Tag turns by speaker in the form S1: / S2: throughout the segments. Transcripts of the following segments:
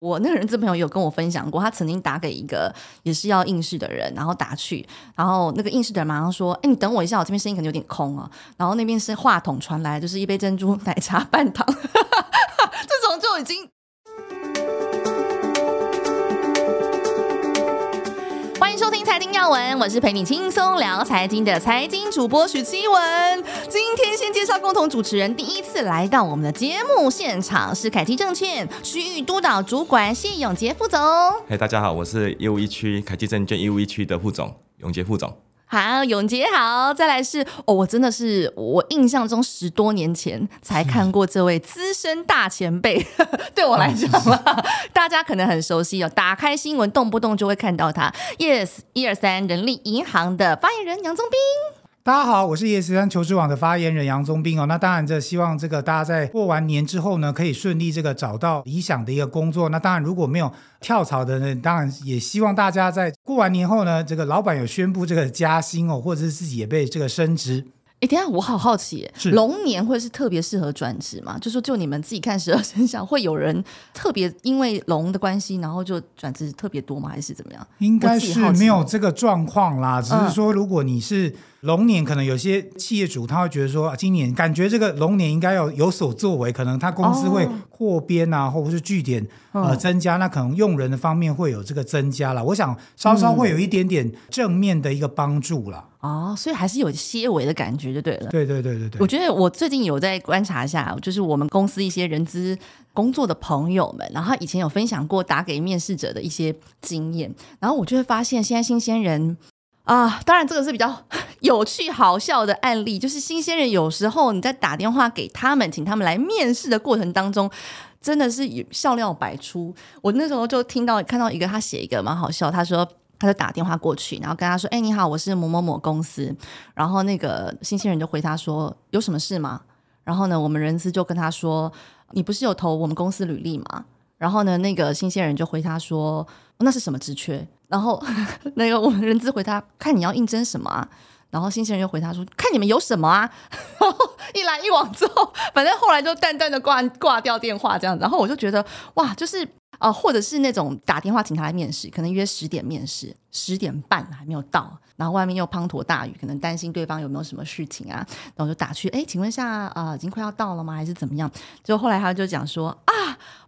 S1: 我那個人資朋友有跟我分享過，他曾經打給一個也是要應試的人，然後打去，然後那個應試的人馬上說：“哎、欸，你等我一下，我這邊聲音可能有點空啊。”然後那邊是話筒傳來，就是一杯珍珠奶茶半糖， 這種就已經。財經要聞，我是陪你輕鬆聊財經的財經主播許娸雯。今天先介紹共同主持人，第一次來到我們的節目現場，是凱基證券區域督導主管謝永杰副總。
S2: 嗨、hey，大家好，我是業務一區凱基證券業務一區的副總永杰副總。
S1: 好，永杰好，再來是哦，我真的是我印象中十多年前才看過這位資深大前輩， 對我來講，哦，大家可能很熟悉哦，打開新聞動不動就會看到他。Yes，一二三，人力銀行的發言人楊宗斌。
S3: 大家好，我是 yes123 求職網的發言人楊宗斌哦。那當然，這希望這個大家在過完年之後呢，可以順利這個找到理想的一個工作。那當然，如果沒有跳槽的呢，當然也希望大家在過完年後呢，這個老闆有宣布這個加薪哦，或者是自己也被這個升職。誒，等下我好好奇是，龍
S1: 年會是特別適合轉職嗎？就是說就你們自己看十二生肖，會有人特別因為龍的關係，然後就轉職特別多嗎？還是怎麼樣？應該是沒有
S3: 這個狀況啦，只是說如果你是。龍年可能有些企業主他會覺得說，啊，今年感覺這個龍年應該要有所作為，可能他公司會擴編啊，哦，或者是據點呃、增加，那可能用人的方面會有這個增加了。我想稍稍會有一點點正面的一個幫助了，
S1: 嗯。哦，所以還是有些微的感覺就對了。對對對對對。我覺得我最近有在觀察一下，就是我們公司一些人資工作的朋友們，然後以前有分享過打給面試者的一些經驗，然後我就會發現現在新鮮人。啊，當然這個是比較有趣好笑的案例，就是新鮮人有時候你在打電話給他們，請他們來面試的過程當中，真的是笑料百出。我那時候就聽到看到一個，他寫一個蠻好笑，他說他就打電話過去，然後跟他說：“哎、欸，你好，我是某某某公司。”然後那個新鮮人就回他說：“有什麼事嗎？”然後呢，我們人事就跟他說：“你不是有投我們公司履歷嗎？”然後呢，那個新鮮人就回他說：“哦、那是什麼職缺？”然後，那個我們人資回他，看你要應徵什麼啊？然後新鮮人又回他說，看你們有什麼啊？ 一來一往之後，反正後來就淡淡的掛掛掉電話這樣。然後我就覺得，哇，就是啊、呃，或者是那種打電話請他來面試，可能約十點面試，十點半還沒有到。然後外面又滂沱大雨，可能擔心對方有沒有什麼事情啊，然後我就打去哎，請問下，啊、呃，已經快要到了嗎？還是怎麼樣？就後來他就講說，啊，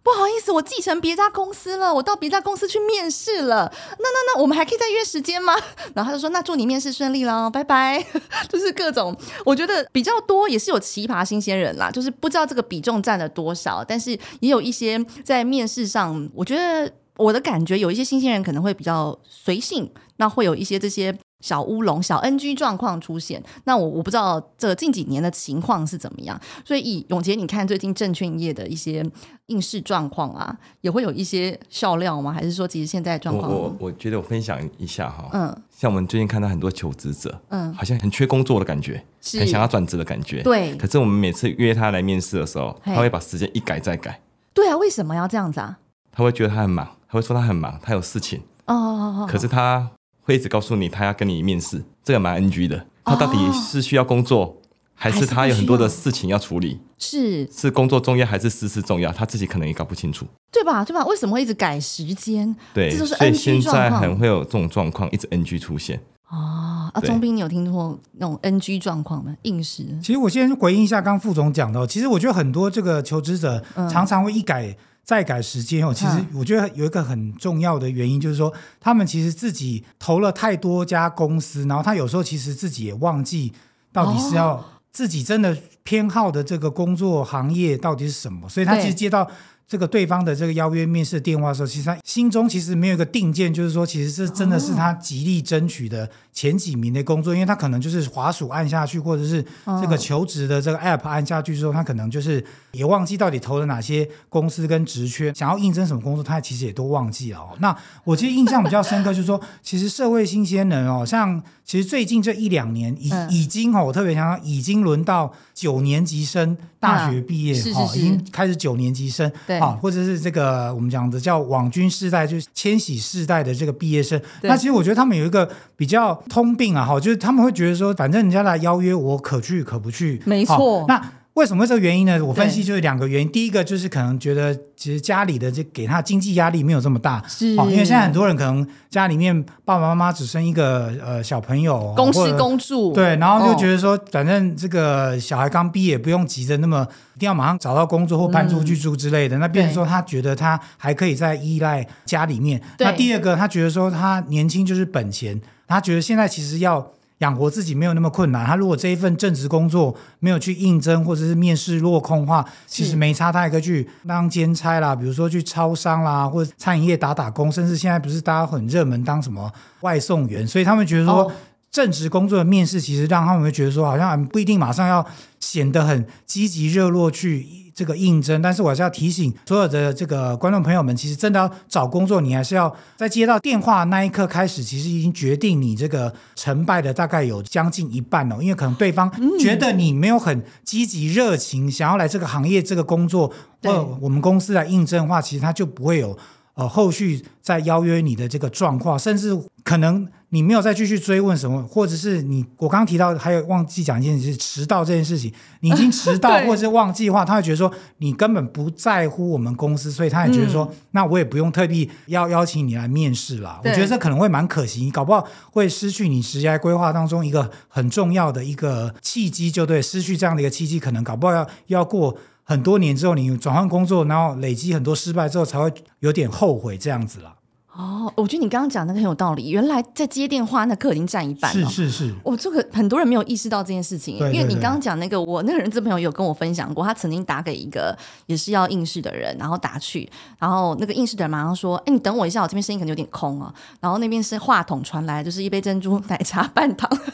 S1: 不好意思，我繼承別家公司了，我到別家公司去面試了。那那那，我們還可以再約時間嗎？然後他就說，那祝你面試順利嘍，拜拜。 就是各種，我覺得比較多也是有奇葩新鮮人啦，就是不知道這個比重占了多少，但是也有一些在面試上，我覺得我的感覺有一些新鮮人可能會比較隨性，那會有一些這些。小烏龍、小 NG 狀況出現，那我我不知道這近幾年的情況是怎麼樣。所以，永杰，你看最近證券業的一些應試狀況啊，也會有一些笑料嗎？還是說，其實現在狀況？我我，
S2: 我覺得我分享一下哈。嗯，像我們最近看到很多求職者，嗯，好像很缺工作的感覺，是很想要轉職的感覺。對。可是我們每次約他來面試的時候，他會把時間一改再改。
S1: 對啊，為什麼要這樣子啊？
S2: 他會覺得他很忙，他會說他很忙，他有事情。
S3: 哦哦哦。可是
S2: 他。會一直告訴你他要跟你面試，這個蠻 NG 的。他到底是需要工作，哦、還是他有很多的事情要處理？
S1: 是是，是
S2: 工作重要還是私事重要？他自己可能也搞不清楚，
S1: 對吧？對吧？為什麼會一直改時間？對，這就是 NG，所以現在很會
S2: 有這種狀況，一直 NG 出現。哦、啊，宗
S1: 斌，你有聽過那種 NG 狀況嗎？應時。
S3: 其實我先回應一下剛副總講的，其實我覺得很多這個求職者常常會一改。嗯再改時間哦，其實我覺得有一個很重要的原因，就是說、嗯、他們其實自己投了太多家公司，然後他有時候其實自己也忘記到底是要自己真的偏好的這個工作行業到底是什麼，所以他其實接到。這個對方的這個邀約面試的電話的時候，其實他心中其實沒有一個定見，就是說其實這真的是他極力爭取的前幾名的工作，哦，因為他可能就是滑鼠，按下去，或者是這個求職的這個 App 按下去之後，哦，他可能就是也忘記到底投了哪些公司跟職缺，想要應徵什麼工作，他其實也都忘記了，哦。那我其實印象比較深刻，就是說 其實社會新鮮人哦，像其實最近這一兩年已，嗯、已經哈，哦，我特別想說已經輪到九年級生大學畢業哈，嗯，已經開始九年級生對。或者是這個我們講的叫網軍世代，就是千禧世代的這個畢業生，那其實我覺得他們有一個比較通病啊，好，就是他們會覺得說，反正人家來邀約我，可去可不去，沒錯，那。為什麼這個原因呢？我分析就是兩個原因。第一個就是可能覺得其實家裡的這給他的經濟壓力沒有這麼大是、哦，因為現在很多人可能家裡面爸爸媽媽只生一個呃小朋友，供吃供住。對，然後就覺得說，反、哦、正這個小孩剛畢業不用急着那麼一定要馬上找到工作或搬出去住之類的，嗯、那變成說他覺得他還可以再依賴家裡面對。那第二個，他覺得說他年輕就是本錢，他覺得現在其實要。養活自己沒有那麼困難。他如果這一份正職工作沒有去應徵或者是面試落空的話，其實沒差太多，去當兼差啦，比如說去超商啦，或者餐飲業打打工，甚至現在不是大家很熱門當什麼外送員，所以他們覺得說正職工作的面試，其實讓他們會覺得說好像不一定馬上要顯得很積極熱絡去。這個應徵，但是我還是要提醒所有的這個觀眾朋友們，其實真的要找工作，你還是要在接到電話那一刻開始，其實已經決定你這個成敗的大概有將近一半哦，因為可能對方覺得你沒有很積極熱情，嗯、想要來這個行業這個工作，對、或者我們公司來應徵的話，其實他就不會有呃後續再邀約你的這個狀況，甚至可能。你沒有再繼續追問什麼，或者是你我剛剛提到還有忘記講一件事，遲到這件事情，你已經遲到或者是忘記的話、啊，他會覺得說你根本不在乎我們公司，所以他也覺得說、嗯，那我也不用特地要邀請你來面試啦。我覺得這可能會蠻可惜，你搞不好會失去你職業規劃當中一個很重要的一個契機，就對，失去這樣的一個契機，可能搞不好要要過很多年之後，你轉換工作，然後累積很多失敗之後，才會有點後悔這樣子啦。
S1: 哦，我覺得你剛剛講那個很有道理。原來在接電話那刻已經占一半了，是是是。我這個很多人沒有意識到這件事情，對對對，因為你剛剛講那個，我那個人資朋友有跟我分享過，他曾經打給一個也是要應試的人，然後打去，然後那個應試的人馬上說：“哎，你等我一下，我這邊聲音可能有點空啊。”然後那邊是話筒傳來，就是一杯珍珠奶茶半糖， 這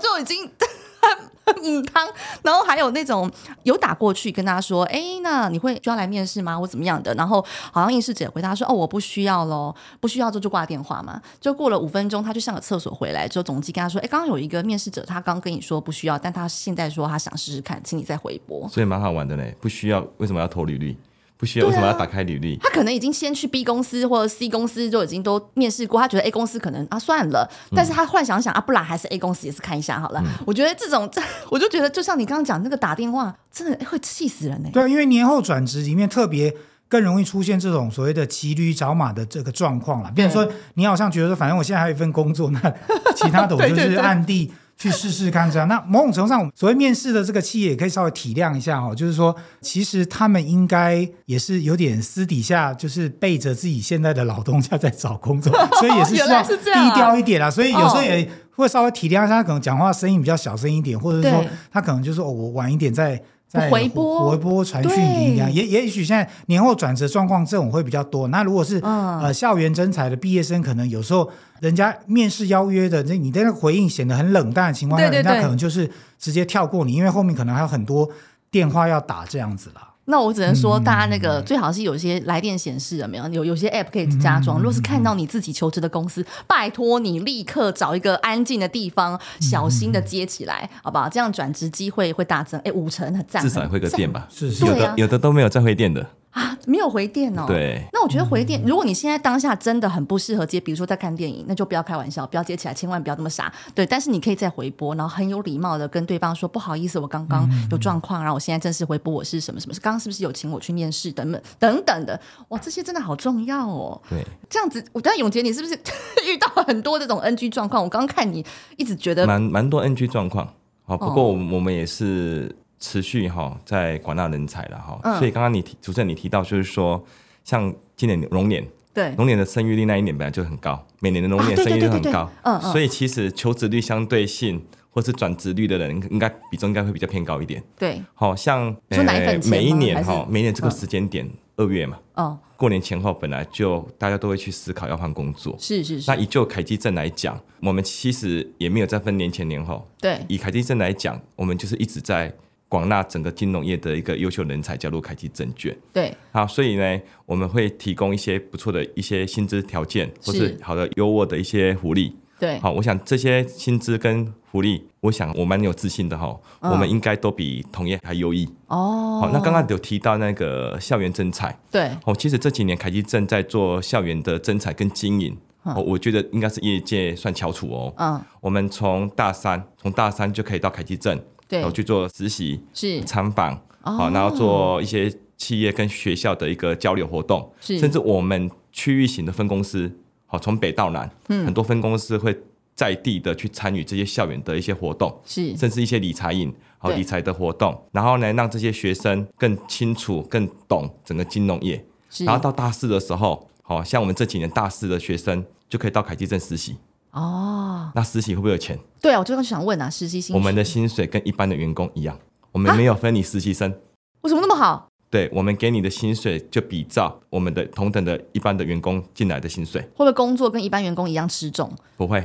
S1: 種就已經。哈 哈、嗯，飲湯，然後還有那種有打過去跟他說，哎，那你會需要來面試嗎？我怎麼樣的？然後好像應試者回答說，哦，我不需要嘍，不需要就就掛電話嘛。就過了五分鐘，他就上了廁所回來，之後總機跟他說，哎，剛剛有一個面試者，他剛跟你說不需要，但他現在說他想試試看，請你再回撥。
S2: 所以蠻好玩的嘞，不需要，為什麼要投履歷？不需要、啊，為什麼要打開履歷？他
S1: 可能已經先去 B 公司或者 C 公司就已經都面試過，他覺得 A 公司可能啊算了，但是他幻想想、嗯、啊，不然還是 A 公司也是看一下好了。嗯、我覺得這種這，我就覺得就像你剛剛講那個打電話，
S3: 真的會氣死人呢、欸。對，因為年後轉職裡面特別更容易出現這種所謂的騎驢找馬的這個狀況了。比如說，你好像覺得反正我現在還有一份工作，那其他的我就是暗地 對對對。 去試試看這樣。那某種程度上，所謂面試的這個企業也可以稍微體諒一下哦。就是說，其實他們應該也是有點私底下，就是背着自己現在的老東家在找工作， 所以也是要低調一點啦 啊。所以有時候也會稍微體諒一下，可能講話聲音比較小聲一點，或者是說他可能就是哦，我晚一點再。在回撥、回傳訊一樣，也也許現在年後轉職狀況這種會比較多。那如果是、嗯、呃校園徵才的畢業生，可能有時候人家面試邀約的，那你的那個回應顯得很冷淡的情況下，對對對，人家可能就是直接跳過你，因為後面可能還有很多電話要打這樣子了。
S1: 那我只能說，大家那個最好是有些來電顯示有沒有？有有些 app 可以加裝。若是看到你自己求職的公司，拜託你立刻找一個安靜的地方，小心的接起來，好不好？這樣轉職機會會大增。哎、欸，五成很，很讚。至少會個電吧，是，
S2: 是，是有的、啊，有的都沒有再回電的。
S1: 啊，沒有回電哦。對。那我覺得回電、嗯，如果你現在當下真的很不適合接，比如說在看電影，那就不要開玩笑，不要接起來，千萬不要那麼傻。對。但是你可以再回撥，然後很有禮貌的跟對方說：“不好意思，我剛剛有狀況，嗯、然後我現在正式回撥，我是什麼什麼？是剛剛是不是有請我去面試？等等等等的。哇，這些真的好重要哦。對。這樣子，我等下永杰，你是不是 遇到很多這種 NG 狀況？我剛看你一直覺得蠻
S2: 蠻多 NG 狀況，好，不過我我們也是。嗯持續哈在廣納人才了哈、嗯，所以剛剛你主持人你提到就是說，像今年龍年，對，龍年的生育率那一年本來就很高，每年的龍年生育率很高、啊對對對對對，嗯，所以其實求職率相對性或是轉職率的人應該比重應該會比較偏高一點，對，好像、呃、一每一年哈每一年這個時間點二、嗯、月嘛，哦，過年前後本來就大家都會去思考要換工作，是是是，那以就凱基證來講，我們其實也沒有在分年前年後，對，以凱基證來講，我們就是一直在。廣納整個金融業的一個優秀人才加入凱基證券。對，好、啊，所以呢，我們會提供一些不錯的一些薪資條件，或是好的優渥的一些福利。對，好、哦，我想這些薪資跟福利，我想我蠻有自信的哈、哦嗯，我們應該都比同業還優異。哦，好、哦，那剛剛有提到那個校園徵才。對，哦，其實這幾年凱基正在做校園的徵才跟經營、嗯，哦，我覺得應該是業界算翹楚哦。嗯，我們從大三，從大三就可以到凱基證。然後去做實習、是參訪，好、oh,，然後做一些企業跟學校的一個交流活動，是甚至我們區域型的分公司，好，從北到南，嗯，很多分公司會在地的去參與這些校園的一些活動，是甚至一些理財營，好理財的活動，然後呢，讓這些學生更清楚、更懂整個金融業，是然後到大四的時候，好像我們這幾年大四的學生就可以到凱基證實習。哦、oh,，那實習會不會有錢？
S1: 對啊，我剛剛就想問啊，實習我們
S2: 的薪水跟一般的員工一樣，我們沒有分你實習生。
S1: 為什麼那麼好？
S2: 對，我們給你的薪水就比照我們的同等的一般的員工進來的薪水，
S1: 會不會工作跟一般員工一樣吃重？
S2: 不會，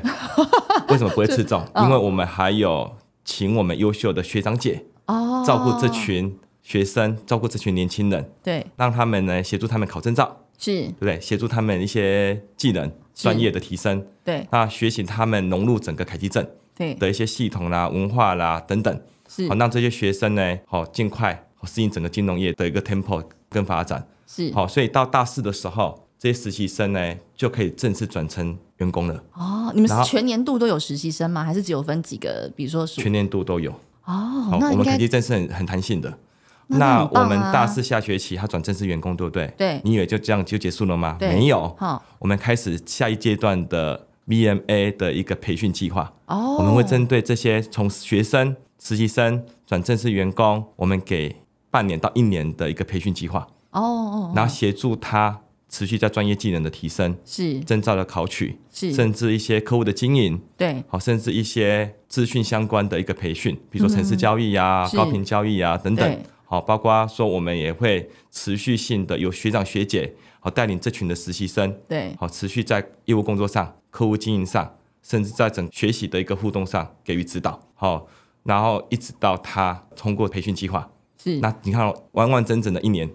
S2: 為什麼不會吃重？ 因為我們還有請我們優秀的學長姐哦，oh, 照顧這群學生，照顧這群年輕人，對，讓他們呢協助他們考證照，是，對不對？協助他們一些技能。專業的提升，對，那學習他們融入整個凱基證
S1: 對的一
S2: 些系統啦、文化啦等等，是好、哦、讓這些學生呢，好、哦、盡快適應整個金融業的一個 tempo 跟發展，是好、哦，所以到大四的時候，這些實習生呢就可以正式轉成員工了。
S1: 哦，你們是全年度都有實習生嗎？還是只有分幾個？比如說全
S2: 年度都有哦，那哦我們凱基證是很很彈性的。那我們大四下學期他轉正式員工，對不對？對。你以為就這樣就結束了嗎？沒有。我們開始下一階段的 BMA 的一個培訓計劃。哦。我們會針對這些從學生、實習生轉正式員工，我們給半年到一年的一個培訓計劃。
S1: 哦，哦，哦，哦。然後
S2: 協助他持續在專業技能的提升，是證照的考取，是甚至一些客戶的經營，對。好，甚至一些資訊相關的一個培訓，比如說城市交易啊、嗯、高頻交易啊等等。好，包括說我們也會持續性的由學長學姐好帶領這群的實習生，對，好持續在業務工作上、客戶經營上，甚至在整學習的一個互動上給予指導，好，然後一直到他通過培訓計劃，是，那你看完完整整的一年，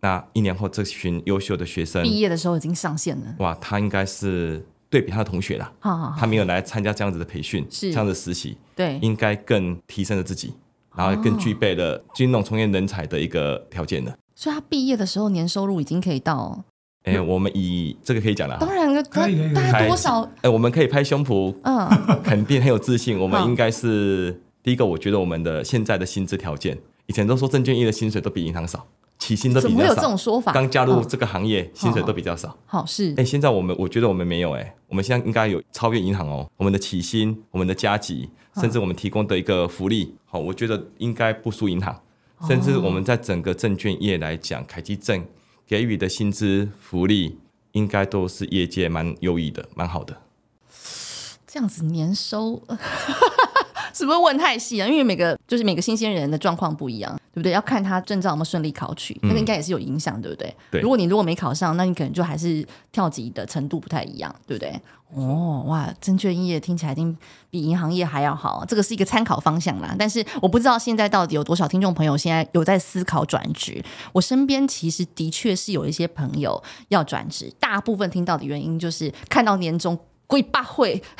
S2: 那一年後這群優秀的學生畢
S1: 業的時候已經上線了，
S2: 哇，他應該是對比他的同學了好好好，他沒有來參加這樣子的培訓，是，這樣子實習，對，應該更提升了自己。然後更具備了金融從業人才的一個條件了。
S1: 哦，所以他畢業的時候年收入已經可以到、
S2: 哦誒。我們以這個可以講啦，當然可以，大概、哎哎哎、多少誒誒？我們可以拍胸脯，嗯，肯定很有自信。 我們應該是、嗯、第一個，我覺得我們的現在的薪資條件，以前都說證券業的薪水都比銀行少，起薪都比較少。怎麼有這種說法？剛加入這個行業、哦，薪水都比較少。好，好，好是。哎，現在我們我覺得我們沒有、欸、我們現在應該有超越銀行哦、喔。我們的起薪，我們的加級。甚至我們提供的一個福利，好，我覺得應該不輸銀行。甚至我們在整個證券業來講，哦、凱基證給予的薪資福利，應該都是業界蠻優異的，蠻好的。
S1: 這樣子年收。 是不是問太細啊？因為每個就是每個新鮮人的狀況不一樣，對不對？要看他證照有沒有順利考取，那個應該也是有影響，嗯，對不對？對。如果你如果沒考上，那你可能就還是跳級的程度不太一樣，對不對？哦，哇，證券業聽起來已經比銀行業還要好，這個是一個參考方向啦。但是我不知道現在到底有多少聽眾朋友現在有在思考轉職。我身邊其實的確是有一些朋友要轉職，大部分聽到的原因就是看到年終。鬼八會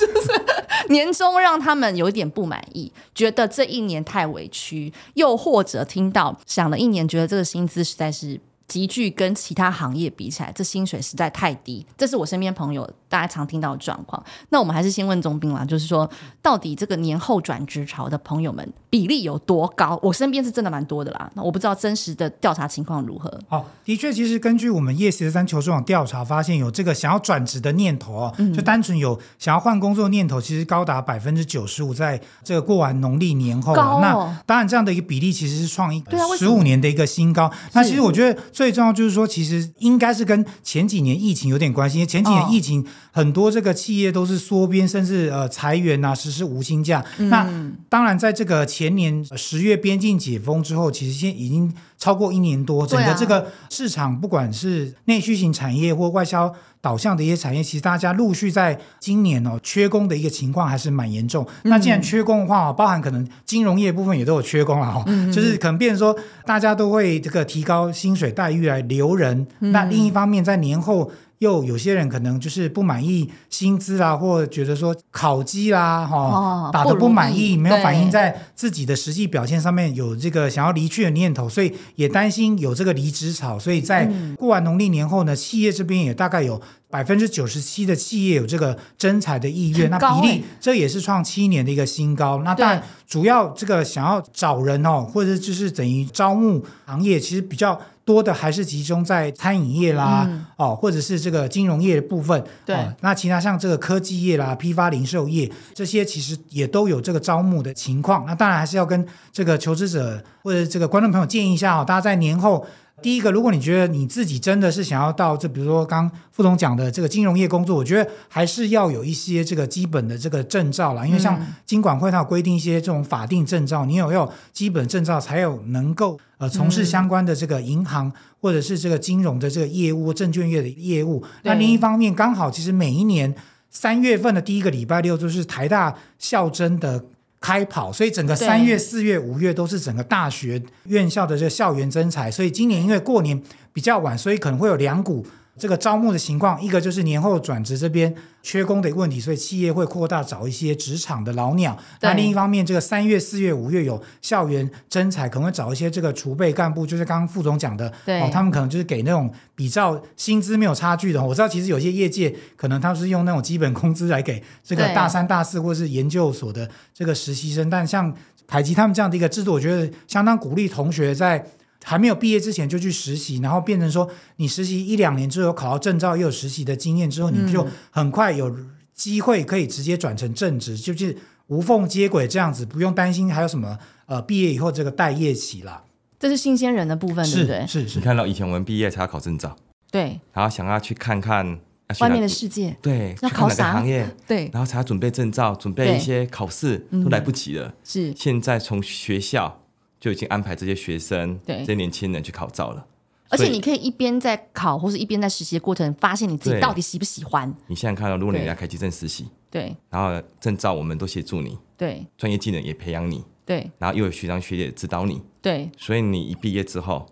S1: 就是年終讓他們有一點不滿意，覺得這一年太委屈，又或者聽到想了一年，覺得這個薪資實在是。極具跟其他行業比起來，這薪水實在太低，這是我身邊朋友大家常聽到的狀況。那我們還是先問宗斌啦，就是說到底這個年後轉職潮的朋友們比例有多高？我身邊是真的蠻多的啦，那我不知道真實的調查情況如何。
S3: 好、哦、的確，其實根據我們 yes123 求職網調查發現，有這個想要轉職的念頭哦，嗯嗯就單純有想要換工作念頭，其實高達百分之九十五，在這個過完農曆年後、哦，那當然這樣的一個比例其實是創一十五、啊、年的一個新高。那其實我覺得。最重要就是說，其實應該是跟前幾年疫情有點關係，因為前幾年疫情很多這個企業都是縮編，甚至呃裁員吶、啊，實施無薪假。嗯、那當然，在這個前年、呃、十月邊境解封之後，其實現在已經。超過一年多，整個這個市場，不管是內需型產業或外銷導向的一些產業，其實大家陸續在今年哦，缺工的一個情況還是蠻嚴重、嗯。那既然缺工的話，包含可能金融業部分也都有缺工了哈、嗯嗯，就是可能變成說大家都會這個提高薪水待遇來留人。嗯、那另一方面，在年後。又有些人可能就是不滿意薪資啦，或覺得說考績啦，哈打得不滿意、哦、不如意，沒有反映在自己的實際表現上面，有這個想要離去的念頭，所以也擔心有這個離職潮，所以在過完農曆年後呢，企業這邊也大概有，百分之九十七的企業有這個徵才的意願、欸，那比例這也是創七年的一個新高。那但主要這個想要找人哦，或者就是等於招募行業，其實比較多的還是集中在餐飲業啦，嗯、哦，或者是這個金融業的部分。對、哦，那其他像這個科技業啦、批發零售業這些，其實也都有這個招募的情況。那當然還是要跟這個求職者或者這個觀眾朋友建議一下哦，大家在年後。第一個，如果你覺得你自己真的是想要到這，比如說剛副總講的這個金融業工作，我覺得還是要有一些這個基本的這個證照啦。因為像金管會它有規定一些這種法定證照，你有要基本證照才有能夠呃從事相關的這個銀行或者是這個金融的這個業務、證券業的業務。那另一方面，剛好其實每一年三月份的第一個禮拜六就是台大校徵的。開跑，所以整個三月、四月、五月都是整個大學院校的這個校園徵才。所以今年因為過年比較晚，所以可能會有兩股。這個招募的情況，一個就是年後轉職這邊缺工的問題，所以企業會擴大找一些職場的老鳥。那另一方面，這個三月、四月、五月有校園徵才，可能會找一些這個儲備幹部，就是剛剛副總講的對，哦，他們可能就是給那種比較薪資沒有差距的。我知道，其實有些業界可能他們是用那種基本工資來給這個大三、大四或是研究所的這個實習生。但像凱基他們這樣的一個制度，我覺得相當鼓勵同學在。還沒有畢業之前就去實習，然後變成說你實習一兩年之後考到證照，又有實習的經驗之後，你就很快有機會可以直接轉成正職，就是無縫接軌這樣子，不用擔心還有什麼呃畢業以後這個待業期啦。這是
S1: 新鮮人的部
S3: 分，是，對不
S2: 對？是是，是。你看到以前我們畢業才要考證照，對，然後想要去看看去外面的世
S1: 界，對，去要考啥哪個行業，對，然
S2: 後才要準備證照，準備一些考試都來不及了。是，現在從學校。就已經安排這些學生、對這些年輕人去考照了，而且你可
S1: 以一邊在考，或是一邊在實習的過程發現你自己到底喜不喜歡。
S2: 你現在看到，如果你要凱基證實習，對，然後證照我們都協助你，對，專業技能也培養你，對，然後又有學長學姐指導你，對，所以你一畢業之後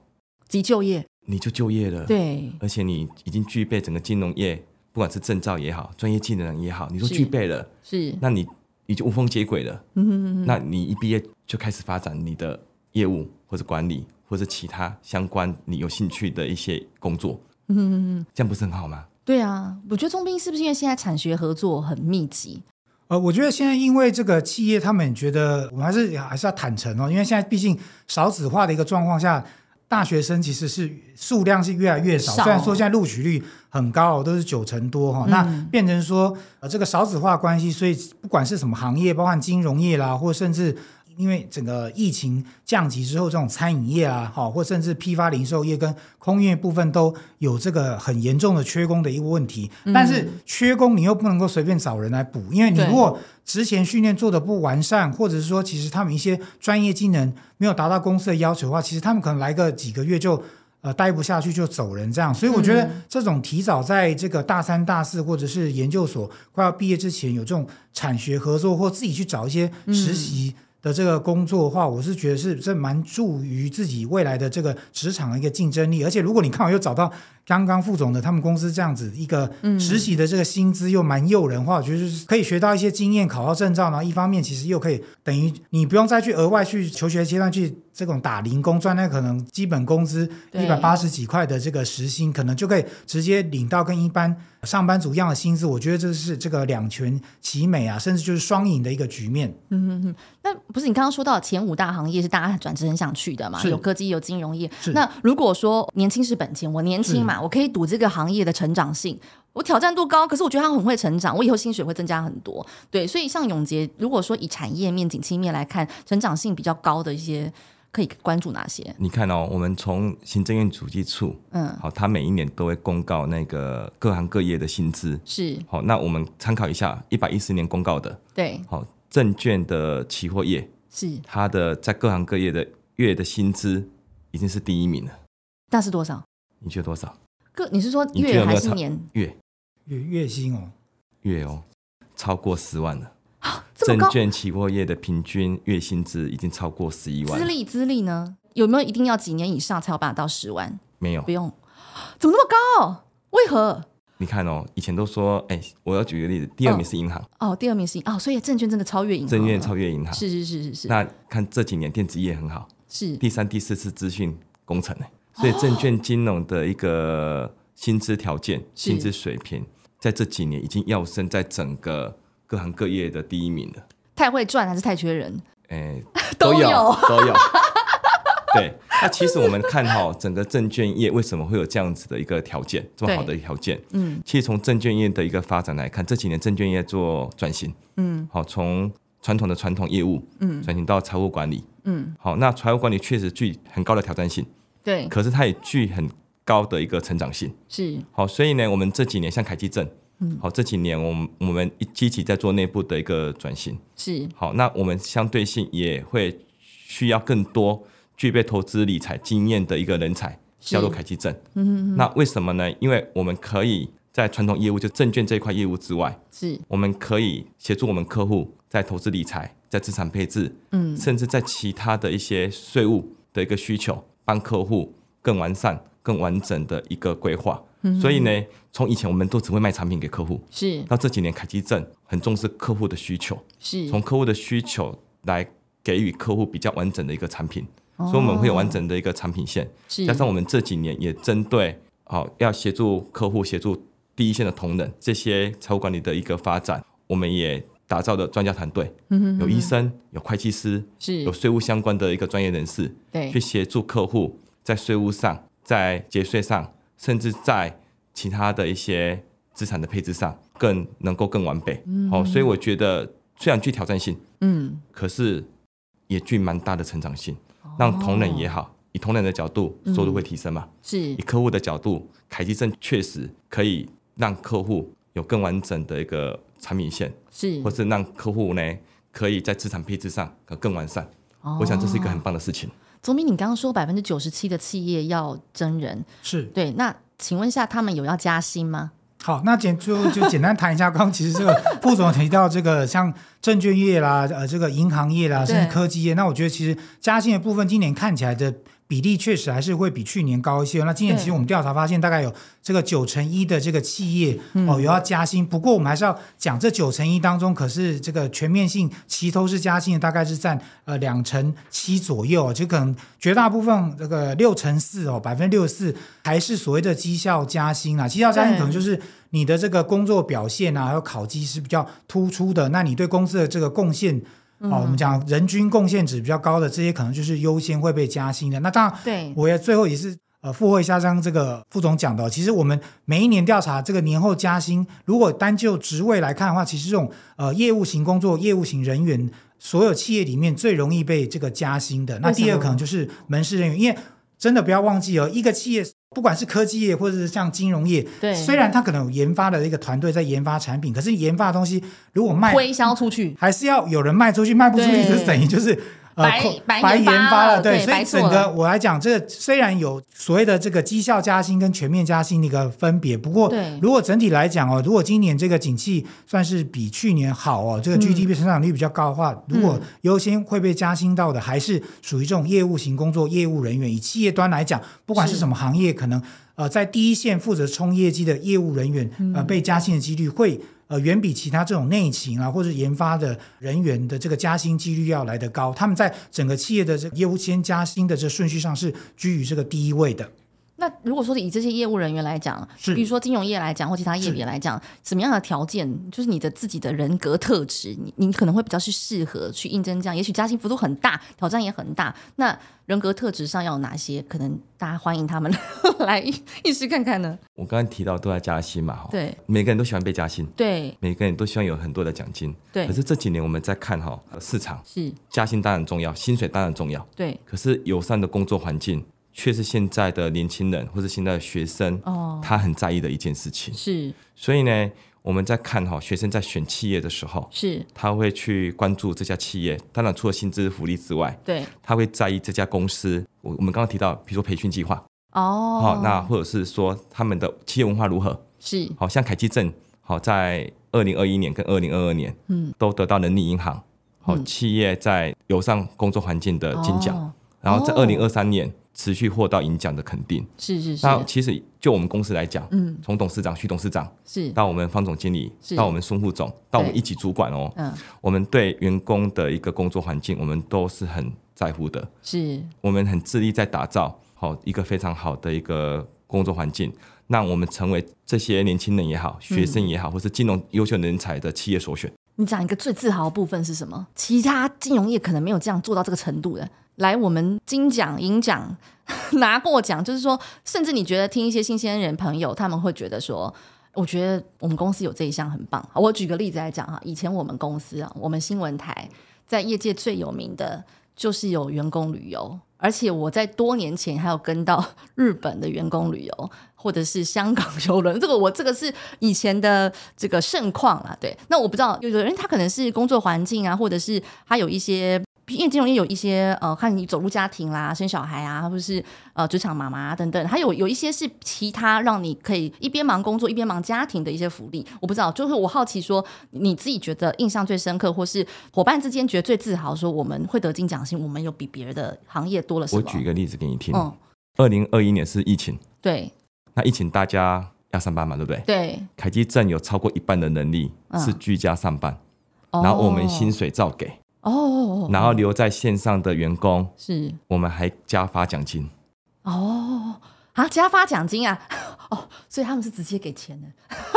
S2: 即就業，你就就業了，對，而且你已經具備整個金融業，不管是證照也好，專業技能也好，你都具備了，是，是。那你已經無縫接軌了，嗯哼嗯哼，那你一畢業就開始發展你的。業務或者管理或者其他相關你有興趣的一些工作，嗯，嗯嗯，這樣不是很好嗎？
S1: 對啊，我覺得宗斌是不是因為現在
S3: 產學合作很密集？呃，我覺得現在因為這個企業他們覺得，我們還是還是要坦誠哦，因為現在畢竟少子化的一個狀況下，大學生其實是數量是越來越少，少雖然說現在錄取率很高，都是九成多哈、哦嗯，那變成說、呃、這個少子化關係，所以不管是什麼行業，包括金融業啦，或甚至。因為整個疫情降級之後，這種餐飲業啊，好或甚至批發零售業跟空運部分都有這個很嚴重的缺工的一個問題。嗯。但是缺工你又不能夠隨便找人來補，因為你如果之前訓練做得不完善，或者是說其實他們一些專業技能沒有達到公司的要求的話，其實他們可能來個幾個月就呃待不下去就走人這樣。所以我覺得這種提早在這個大三大四或者是研究所快要畢業之前有這種產學合作或者自己去找一些實習。嗯嗯的這個工作的話，我是覺得是這蠻助於自己未來的這個職場的一個競爭力，而且如果你看我又找到。剛剛副總的他們公司這樣子一個實習的這個薪資又蠻誘人的話，我覺得就是可以學到一些經驗，考到證照，然後一方面其實又可以等於你不用再去額外去求學階段去這種打零工賺那可能基本工資一百八十幾塊的這個時薪，可能就可以直接領到跟一般上班族一樣的薪資。我覺得這是這個兩全其美啊，甚至就是雙贏的一個局面
S1: 嗯。嗯嗯嗯。那不是你剛剛說到前五大行業是大家轉職很想去的嘛？有科技，有金融業。那如果說年輕是本錢，我年輕嘛。我可以賭這個行業的成長性，我挑戰度高，可是我覺得它很會成長，我以後薪水會增加很多。對，所以像永杰，如果說以產業面、景氣面來看，成長性比較高的一些，可以關注哪些？
S2: 你看哦，我們從行政院主計處，嗯，好、哦，他每一年都會公告那個各行各業的薪資，是。好、哦，那我們參考一下一百一十年公告的，對。好、哦，證券的期貨業，是，它的在各行各業的月的薪資已經是第一名了，那是多少？你覺得多少？個你是說月還是年？月
S3: 月月薪哦，
S2: 月哦，超過十萬了啊這麼高！證券期貨業的平均月薪資已經超過十一萬。資歷
S1: 資歷呢？有沒有一定要幾年以上才有辦法到十萬？沒有，不用。啊、怎麼那麼高、哦？為何？
S2: 你看哦，以前都說哎，我要舉個例子，第二名是銀行
S1: 哦,哦，第二名是銀、哦。所以證券真的超越銀行，證券超越銀行。是是是是是。那
S2: 看這幾年電子業很好，是第三、第四次資訊工程對，證券金融的一個薪資條件、薪資水平，在這幾年已經躍升在整個各行各業的第一名了。
S1: 太會賺還是太缺人？
S2: 哎，都有都有。都有 對，那其實我們看好、哦、整個證券業，為什麼會有這樣子的一個條件？這麼好的一條件？嗯，其實從證券業的一個發展來看，這幾年證券業做轉型，嗯，好，從傳統的傳統業務，嗯，轉型到財務管理，嗯，好，那財務管理確實具很高的挑戰性。對，可是它也具很高的一個成長性，是，好，所以呢，我們這幾年像凱基證，嗯，好，這幾年我們我們積極在做內部的一個轉型，是好，那我們相對性也會需要更多具備投資理財經驗的一個人才加入凱基證，嗯哼哼，那為什麼呢？因為我們可以在傳統業務就證券這一塊業務之外，是，我們可以協助我們客戶在投資理財、在資產配置，嗯，甚至在其他的一些稅務的一個需求。幫客戶更完善、更完整的一個規劃，嗯，所以呢，從以前我們都只會賣產品給客戶，是，到這幾年凱基證很重視客戶的需求，是從客戶的需求來給予客戶比較完整的一個產品。哦，所以我們會有完整的一個產品線，是加上我們這幾年也針對好，哦，要協助客戶、協助第一線的同仁這些財務管理的一個發展，我們也。打造的專家團隊，有醫生，有會計師，是、嗯、有稅務相關的一個專業人士對，去協助客戶在稅務上、在節稅上，甚至在其他的一些資產的配置上，更能夠更完備、嗯、哦。所以我覺得雖然具挑戰性，嗯，可是也具蠻大的成長性。哦、讓同仁也好，以同仁的角度，收入會提升嘛？嗯、是，以客戶的角度，凱基證確實可以讓客戶有更完整的一個。產品線是，或是讓客戶呢可以在資產配置上可更完善，哦，我想這是一個很棒的事情。
S1: 宗斌，你剛剛說百分之九十七的企業要徵人，是，對。那請問一下，他們有要加薪嗎？
S3: 好，那簡就就簡單談一下，剛 剛其實這個副總提到這個，像證券業啦，呃，這個銀行業啦， 甚至科技業，那我覺得其實加薪的部分，今年看起來的。比例確實還是會比去年高一些。那今年其實我們調查發現，大概有這個九成一的這個企業哦、嗯、有要加薪。不過我們還是要講，這九成一當中，可是這個全面性齊頭式加薪的，大概是佔呃兩成七左右。就可能絕大部分這個六成四哦，百分之六十四還是所謂的績效加薪啊。績效加薪可能就是你的這個工作表現啊，還有考績是比較突出的，那你對公司的這個貢獻。啊、哦，我們講人均貢獻值比較高的這些，可能就是優先會被加薪的。那當然，對，我也最後也是呃附和一下，像這個副總講的，其實我們每一年調查這個年後加薪，如果單就職位來看的話，其實這種呃業務型工作、業務型人員，所有企業裡面最容易被這個加薪的。那第二可能就是門市人員，因為真的不要忘記哦，一個企業。不管是科技業或者是像金融業，對，雖然他可能有研發的一個團隊在研發產品，可是研發的東西如果賣推銷出去，還是要有人賣出去，賣不出去就等於就是。呃、白白研發了,研發了對，對，所以整個我來講，這雖然有所謂的這個績效加薪跟全面加薪的一個分別，不過如果整體來講哦，如果今年這個景氣算是比去年好哦，這個 GDP 成長率比較高的話、嗯，如果優先會被加薪到的，還是屬於這種業務型工作、業務人員。以企業端來講，不管是什麼行業，可能呃，在第一線負責衝業績的業務人員，嗯、呃，被加薪的幾率會。呃，遠比其他這種內勤啊，或者是研發的人員的這個加薪幾率要來得高。他們在整個企業的這個優先加薪的這個順序上是居於這個第一位的。
S1: 那如果說以這些業務人員來講，比如說金融業來講，或其他業別來講，什麼樣的條件，就是你的自己的人格特質，你你可能會比較是適合去應徵這樣，也許加薪幅度很大，挑戰也很大。那人格特質上要有哪些，可能大家歡迎他們來， 來一，一試看看呢？
S2: 我剛剛提到都在加薪嘛，對，每個人都喜歡被加薪，對，每個人都希望有很多的獎金，對。可是這幾年我們在看哈、哦、市場，是，加薪當然重要，薪水當然重要，對。可是友善的工作環境。卻是現在的年輕人或是現在的學生，他很在意的一件事情。Oh, 是，所以呢，我們在看哈、哦、學生在選企業的時候，是他會去關注這家企業。當然，除了薪資福利之外，對，他會在意這家公司。我我們剛剛提到，比如說培訓計劃，oh. 哦，那或者是說他們的企業文化如何？是、oh. 哦，好像凱基證好、哦、在二零二一年跟二零二二年，嗯，都得到了人力銀行好、哦嗯、企業在友善工作環境的金獎，oh. 然後在二零二三年。Oh. 持續獲到影響的肯定，是是是。那其實就我們公司來講，嗯，從董事長徐董事長，是到我們方總經理，到我們孫副總，到我們一級主管哦，嗯，我們對員工的一個工作環境，我們都是很在乎的，是。我們很致力在打造好、哦、一個非常好的一個工作環境，讓我們成為這些年輕人也好、學生也好，嗯、或是金融優秀人才的企業首選。
S1: 你講一個最自豪的部分是什麼？其他金融業可能沒有這樣做到這個程度的。來，我們金獎銀獎拿過獎，就是說，甚至你覺得聽一些新鮮人朋友，他們會覺得說，我覺得我們公司有這一項很棒。我舉個例子來講哈，以前我們公司啊，我們新聞台在業界最有名的就是有員工旅遊，而且我在多年前還有跟到日本的員工旅遊，或者是香港遊輪，這個我這個是以前的這個盛況啊。對，那我不知道有的人他可能是工作環境啊，或者是他有一些。因為金融業有一些呃，看你走入家庭啦、生小孩啊，或者是呃職場媽媽、啊、等等，還有有一些是其他讓你可以一邊忙工作一邊忙家庭的一些福利。我不知道，就是我好奇說，你自己覺得印象最深刻，或是夥伴之間覺得最自豪，說我們會得金獎金我們有比別人的行業多了什麼。我舉一個
S2: 例子給你聽。二零二一年是疫情，對，那疫情大家要上班嘛，對不對？對，凱基證有超過一半的能力是居家上班、嗯，然後我們薪水照給。嗯
S1: 哦、oh, oh,，oh, oh, oh. 然後
S2: 留在線上的員工是，我們還加發獎金。
S1: 哦，啊，加發獎金啊，哦、oh,，所以他們是直接給錢的，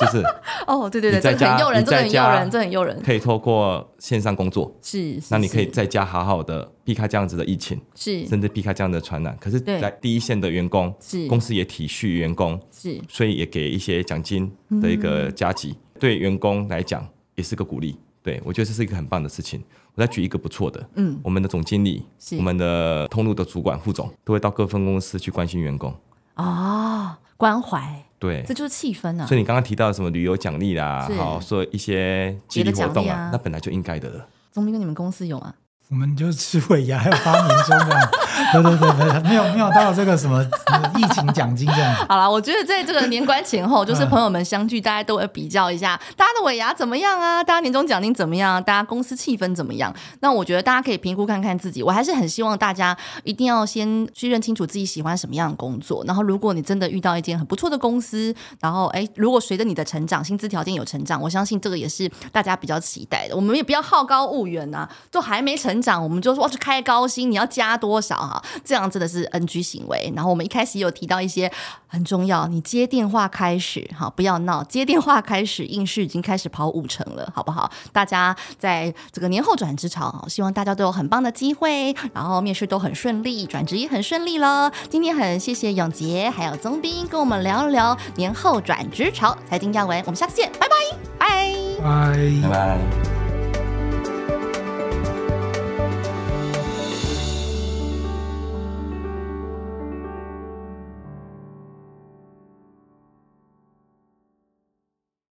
S2: 是不是？
S1: 哦、oh,，對對對，在家、這個很誘人，在家、這個很誘人，這個很誘人，可
S2: 以透過線上工作是，那你可以在家好好的避開這樣子的疫情是，甚至避開這樣子的傳染。可是，在第一線的員工是，公司也體恤員工是，所以也給一些獎金的一個加急。嗯、對員工來講也是個鼓勵。對，我覺得這是一個很棒的事情。我再舉一個不錯的，嗯，我們的總經理，我們的通路的主管副總，都會到各分公司去關心員工。
S1: 哦，關懷，對，這就是氣氛啊。所以你
S2: 剛剛提到什麼旅遊獎勵啦，好，說，哦，一些激勵活動啊，勵啊，那本來就應該的了。
S1: 總比跟你們公司有啊。
S3: 我們就是吃尾牙，還有發年終的，對 對對對，沒有沒有到這個什麼， 什麼疫情獎金這樣。
S1: 好啦，我覺得在這個年關前後， 就是朋友們相聚，大家都會比較一下，大家的尾牙怎麼樣啊？大家年終獎金怎麼樣啊？大家公司氣氛怎麼樣？那我覺得大家可以評估看看自己。我還是很希望大家一定要先去認清楚自己喜歡什麼樣的工作。然後，如果你真的遇到一間很不錯的公司，然後哎，欸，如果隨着你的成長，薪資條件有成長，我相信這個也是大家比較期待的。我們也不要好高騖遠啊，都還沒成。成長，我們就說哇，開高薪，你要加多少哈？這樣真的是 NG 行為。然後我們一開始有提到一些很重要，你接電話開始，好，不要鬧，接電話開始，應徵已經開始跑五成了，好不好？大家在這個年後轉職潮，希望大家都有很棒的機會，然後面試都很順利，轉職也很順利了。今天很謝謝永杰還有宗斌跟我們聊聊年後轉職潮財經要聞，我們下次見，拜拜，拜
S2: 拜，拜拜。